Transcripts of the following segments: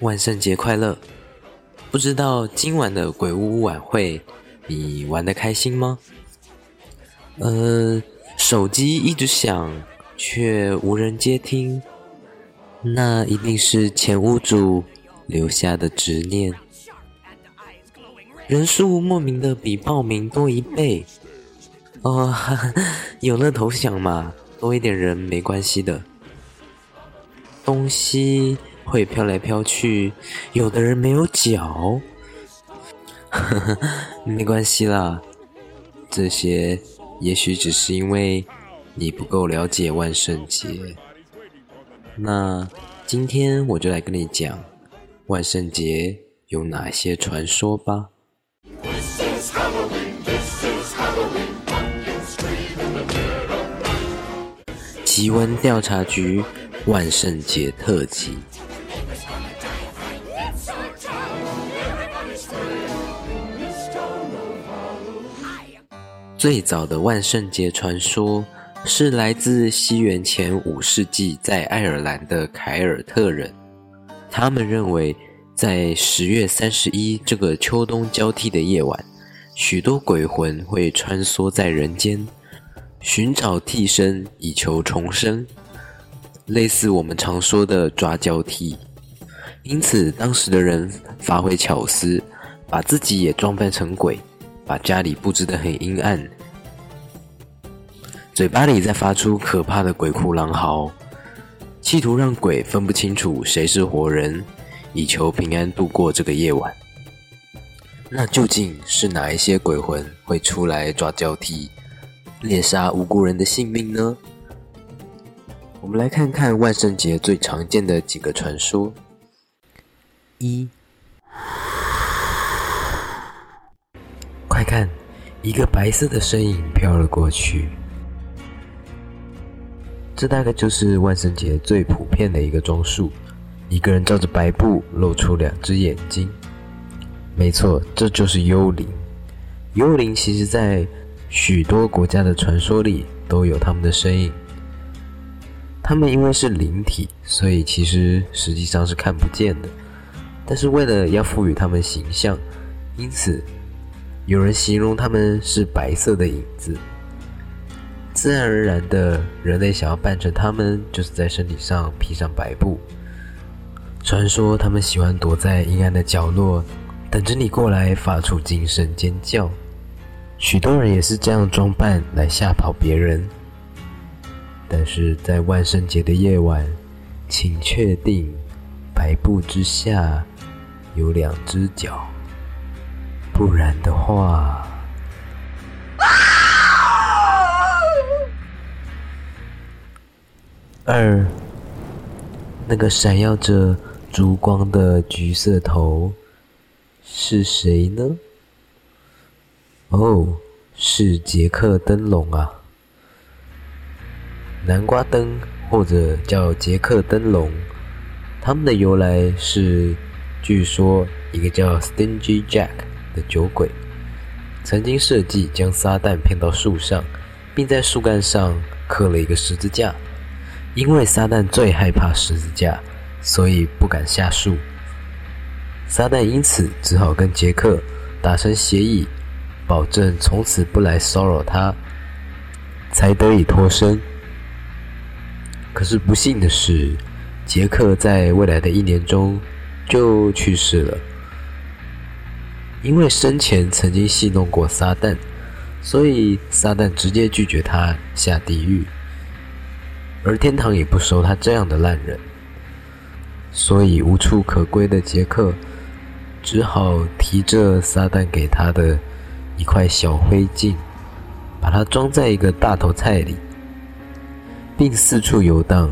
萬聖節快樂！不知道今晚的鬼屋晚會你玩得開心嗎？呃，手機一直響，卻無人接聽，那一定是前屋主留下的執念。人數莫名的比報名多一倍，哦、呃， 有了頭想嘛，多一點人沒關係的。東西。會飄來飄去，有的人沒有腳，呵呵，沒關係啦。這些也許只是因為你不夠了解萬聖節。那今天我就來跟你講萬聖節有哪些傳說吧。This is Halloween, This is Halloween, pumpkins scream in the dead of night. 奇聞調查局萬聖節特輯。最早的萬聖節傳說是來自西元前五世紀在愛爾蘭的凱爾特人。他們認為，在十月三十一這個秋冬交替的夜晚，許多鬼魂會穿梭在人間，尋找替身以求重生，類似我們常說的抓交替。因此，當時的人發揮巧思，把自己也裝扮成鬼。把家裡布置得很陰暗，嘴巴裡在發出可怕的鬼哭狼嚎，企圖讓鬼分不清楚誰是活人，以求平安度過這個夜晚。那究竟是哪一些鬼魂會出來抓交替，獵殺無辜人的性命呢？我們來看看萬聖節最常見的幾個傳說。一看，一個白色的身影飄了過去。這大概就是萬聖節最普遍的一個裝束，一個人照着白布，露出兩隻眼睛。沒錯，這就是幽靈。幽靈其實在許多國家的傳說裡都有他們的身影。他們因為是靈體，所以其實實際上是看不見的。但是為了要賦予他們形象，因此。有人形容他們是白色的影子。自然而然的，人類想要扮成他們，就是在身體上披上白布。傳說他們喜歡躲在陰暗的角落，等着你過來發出驚聲尖叫。許多人也是這樣裝扮來嚇跑別人。但是在萬聖節的夜晚，請確定白布之下有兩隻腳。不然的話，二那個閃耀着燭光的橘色頭是誰呢？哦、oh，是傑克燈籠啊，南瓜燈或者叫傑克燈籠，他們的由來是，據說一個叫 Stingy Jack。酒鬼曾經設計將撒旦騙到樹上，並在樹幹上刻了一個十字架。因為撒旦最害怕十字架，所以不敢下樹。撒旦因此只好跟傑克達成協議，保證從此不來騷擾他，才得以脫身。可是不幸的是，傑克在未來的一年中就去世了。因為生前曾經戲弄過撒旦，所以撒旦直接拒絕他下地獄，而天堂也不收他這樣的爛人，所以無處可歸的傑克只好提着撒旦給他的，一塊小灰燼，把它裝在一個大頭菜裡，並四處游蕩，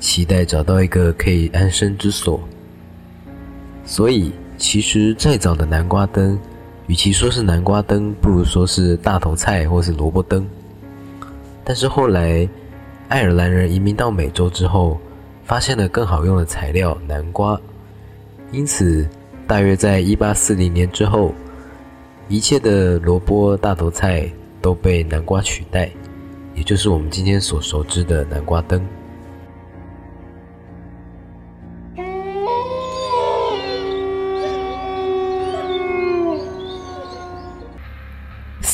期待找到一個可以安身之所，所以。其實，再早的南瓜燈，與其說是南瓜燈，不如說是大頭菜或是蘿蔔燈。但是後來，愛爾蘭人移民到美洲之後，發現了更好用的材料——南瓜，因此，大約在一八四零年之後，一切的蘿蔔、大頭菜都被南瓜取代，也就是我們今天所熟知的南瓜燈。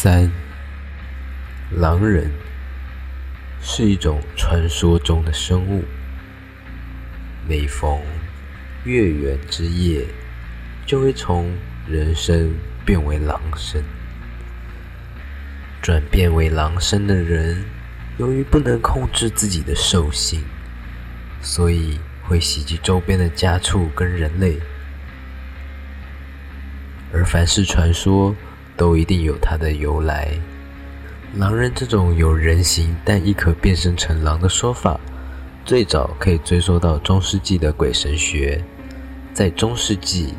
三、狼人是一種傳說中的生物，每逢月圓之夜，就會從人身變為狼身。轉變為狼身的人，由於不能控制自己的獸性，所以會襲擊周邊的家畜跟人類。而凡是傳說，都一定有它的由來。狼人這種有人形但亦可變身成狼的說法，最早可以追溯到中世紀的鬼神學。在中世紀，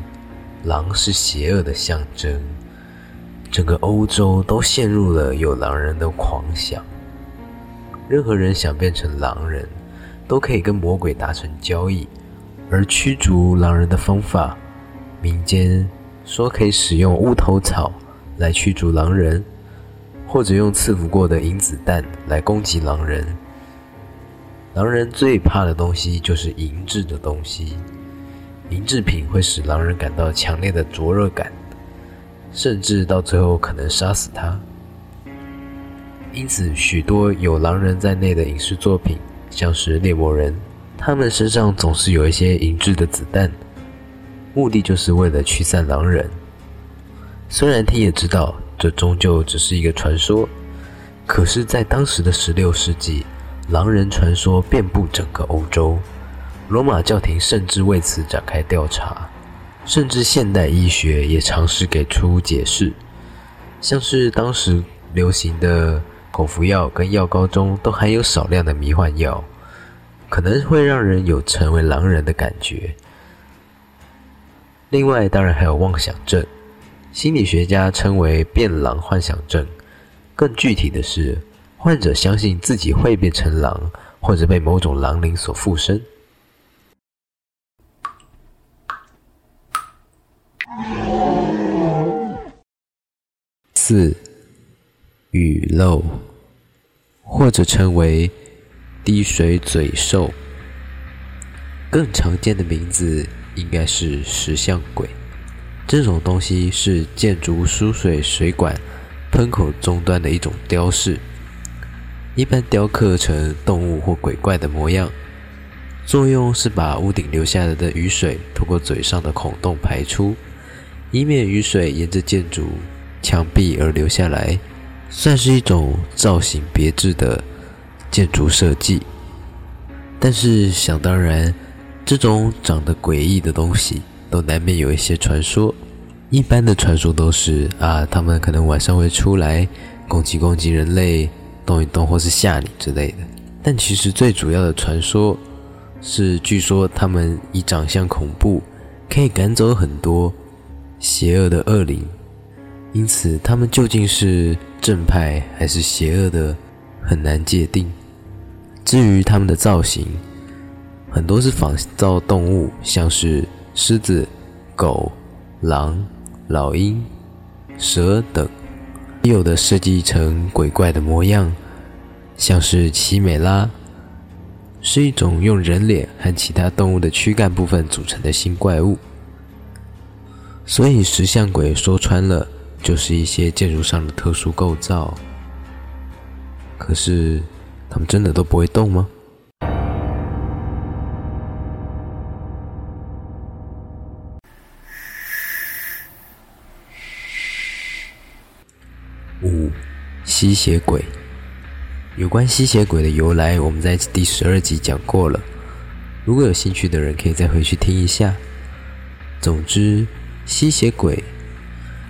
狼是邪惡的象徵，整個歐洲都陷入了有狼人的狂想。任何人想變成狼人，都可以跟魔鬼達成交易，而驅逐狼人的方法，民間說可以使用烏頭草。來驅逐狼人，或者用賜福過的銀子彈來攻擊狼人。狼人最怕的東西就是銀質的東西，銀製品會使狼人感到強烈的灼熱感，甚至到最後可能殺死他。因此，許多有狼人在內的影視作品，像是獵魔人，他們身上總是有一些銀質的子彈，目的就是為了驅散狼人。雖然他也知道這終究只是一個傳說，可是，在當時的十六世紀，狼人傳說遍布整個歐洲，羅馬教廷甚至為此展開調查，甚至現代醫學也嘗試給出解釋，像是當時流行的口服藥跟藥膏中都含有少量的迷幻藥，可能會讓人有成為狼人的感覺。另外，當然還有妄想症。心理學家稱為變狼幻想症，更具體的是，患者相信自己會變成狼，或者被某種狼靈所附身。四、雨漏，或者稱為滴水嘴獸，更常見的名字應該是石像鬼。這種東西是建築輸水水管噴口終端的一種雕飾，一般雕刻成動物或鬼怪的模樣，作用是把屋頂流下來的雨水通過嘴上的孔洞排出，以免雨水沿着建築牆壁而流下來，算是一種造型別緻的建築設計。但是想當然，這種長得詭異的東西。都難免有一些傳說，一般的傳說都是啊，他們可能晚上會出來攻擊攻擊人類，動一動或是嚇你之類的。但其實最主要的傳說，是據說他們以長相恐怖，可以趕走很多邪惡的惡靈，因此他們究竟是正派還是邪惡的，很難界定。至於他們的造型，很多是仿造動物，像是。獅子、狗、狼、老鷹、蛇等，也有的設計成鬼怪的模樣，像是奇美拉，是一種用人臉和其他動物的軀幹部分組成的新怪物。所以石像鬼說穿了，就是一些建築上的特殊構造。可是，他們真的都不會動嗎？五，吸血鬼。有關吸血鬼的由來，我們在第十二集講過了。如果有興趣的人，可以再回去聽一下。總之，吸血鬼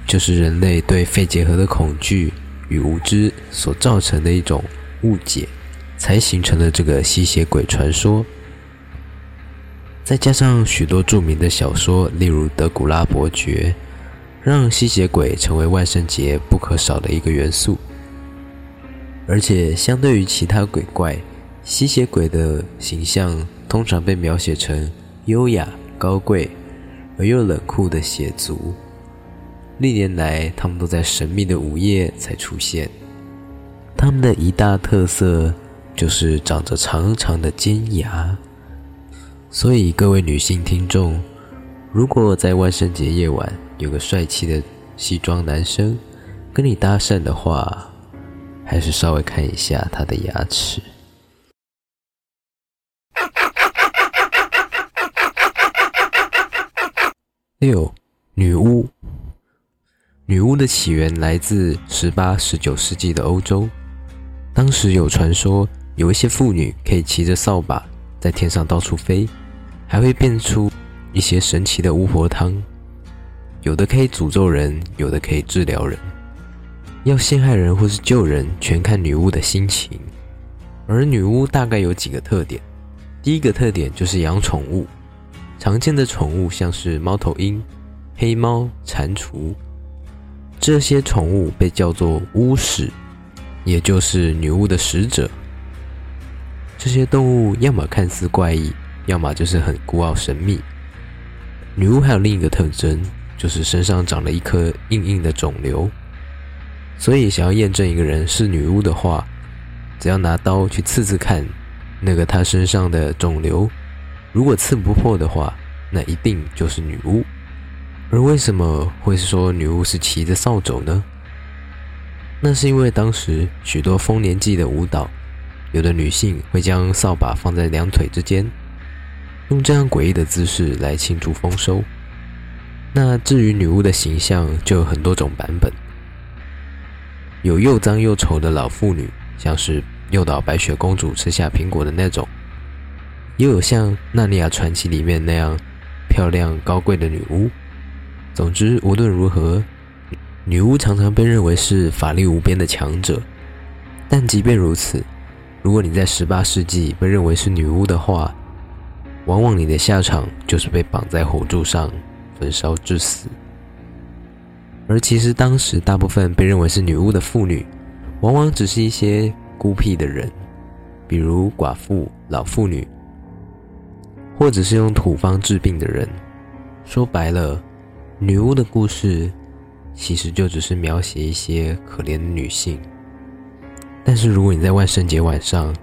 就是人類對肺結核的恐懼與無知所造成的一種誤解，才形成了這個吸血鬼傳說。再加上許多著名的小說，例如《德古拉伯爵》。讓吸血鬼成為萬聖節不可少的一個元素，而且相對於其他鬼怪，吸血鬼的形象通常被描寫成優雅、高貴而又冷酷的血族。歷年來，他們都在神秘的午夜才出現。他們的一大特色就是長着長長的尖牙，所以各位女性聽眾。如果在萬聖節夜晚有個帥氣的西裝男生跟你搭訕的話，還是稍微看一下他的牙齒。六，女巫。女巫的起源來自十八、十九世紀的歐洲，當時有傳說，有一些婦女可以騎着掃把在天上到處飛，還會變出。一些神奇的巫婆湯，有的可以詛咒人，有的可以治療人。要陷害人或是救人，全看女巫的心情。而女巫大概有幾個特點，第一個特點就是養寵物。常見的寵物像是貓頭鷹、黑貓、蟾蜍，這些寵物被叫做巫使，也就是女巫的使者。這些動物要麼看似怪異，要麼就是很孤傲神秘。女巫還有另一個特徵，就是身上長了一顆硬硬的腫瘤。所以，想要驗證一個人是女巫的話，只要拿刀去刺刺看，那個她身上的腫瘤，如果刺不破的話，那一定就是女巫。而為什麼會說女巫是騎着掃帚呢？那是因為當時許多豐年祭的舞蹈，有的女性會將掃把放在兩腿之間。用這樣詭異的姿勢來慶祝豐收。那至於女巫的形象，就有很多種版本，有又髒又醜的老婦女，像是誘導白雪公主吃下蘋果的那種；又有像《納尼亞傳奇》裡面那樣漂亮高貴的女巫。總之，無論如何，女巫常常被認為是法力無邊的強者。但即便如此，如果你在18世紀被認為是女巫的話，往往你的下場就是被綁在火柱上焚燒致死。而其實當時大部分被認為是女巫的婦女，往往只是一些孤僻的人，比如寡婦、老婦女，或者是用土方治病的人。說白了，女巫的故事其實就只是描寫一些可憐的女性。但是如果你在萬聖節晚上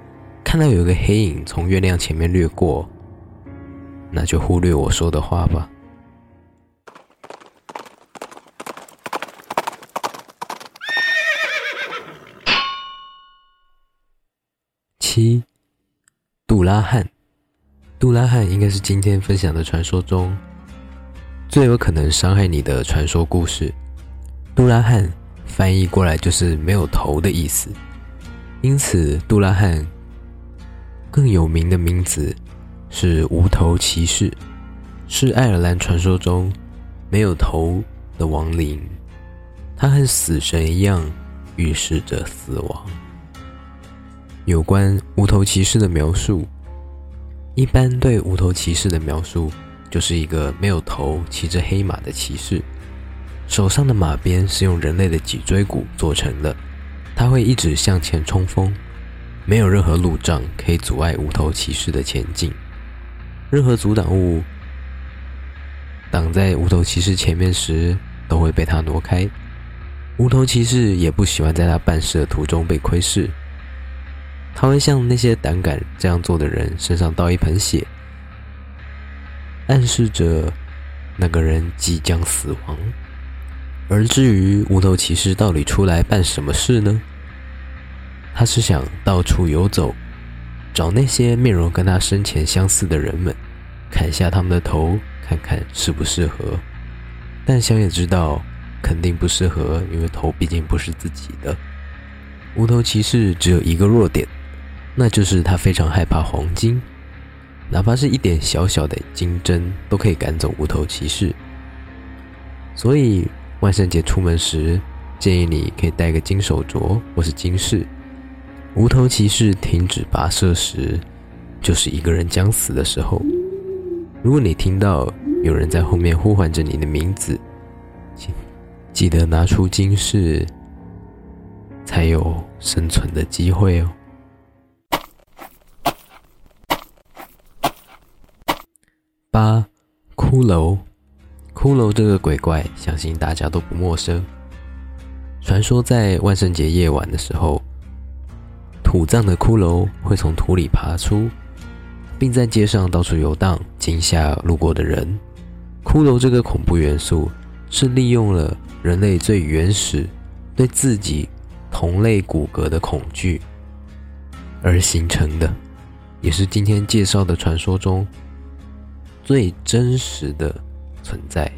看到有一個黑影從月亮前面掠過，那就忽略我說的話吧。七，杜拉漢，杜拉漢應該是今天分享的傳說中最有可能傷害你的傳說故事。杜拉漢翻譯過來就是“沒有頭”的意思，因此杜拉漢更有名的名字。是無頭騎士，是愛爾蘭傳說中沒有頭的亡靈，他和死神一樣預示着死亡。有關無頭騎士的描述，一般對無頭騎士的描述就是一個沒有頭、騎着黑馬的騎士，手上的馬鞭是用人類的脊椎骨做成的，他會一直向前衝鋒，沒有任何路障可以阻礙無頭騎士的前進。任何阻擋物擋在無頭騎士前面時，都會被他挪開。無頭騎士也不喜歡在他辦事的途中被窺視，他會向那些膽敢這樣做的人身上倒一盆血，暗示着那個人即將死亡。而至於無頭騎士到底出來辦什麼事呢？他是想到處遊走。找那些面容跟他生前相似的人們，砍下他們的頭，看看適不適合。但想也知道，肯定不適合，因為頭畢竟不是自己的。無頭騎士只有一個弱點，那就是他非常害怕黃金，哪怕是一點小小的金針都可以趕走無頭騎士。所以萬聖節出門時，建議你可以戴個金手鐲或是金飾。無頭騎士停止跋涉時，就是一個人將死的時候。如果你聽到有人在後面呼喚着你的名字，請記得拿出金飾，才有生存的機會哦。八，骷髏，骷髏這個鬼怪，相信大家都不陌生。傳說在萬聖節夜晚的時候，腐葬的骷髏會從土裡爬出，並在街上到處遊蕩，驚嚇路過的人。骷髏這個恐怖元素是利用了人類最原始對自己同類骨骼的恐懼而形成的，也是今天介紹的傳說中最真實的存在。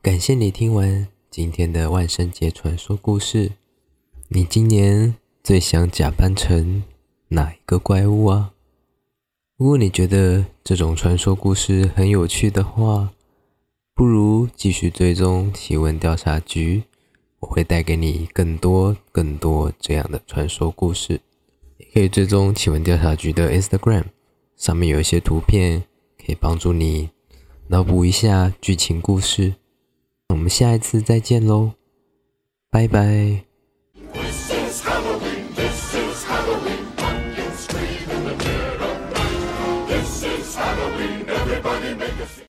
感謝你聽完。今天的萬聖節傳說故事，你今年最想假扮成哪一個怪物啊？如果你覺得這種傳說故事很有趣的話，不如繼續追蹤奇聞調查局，我會帶給你更多更多這樣的傳說故事。也可以追蹤奇聞調查局的 Instagram，上面有一些圖片可以幫助你腦補一下劇情故事。我們下一次再見嘍，拜拜。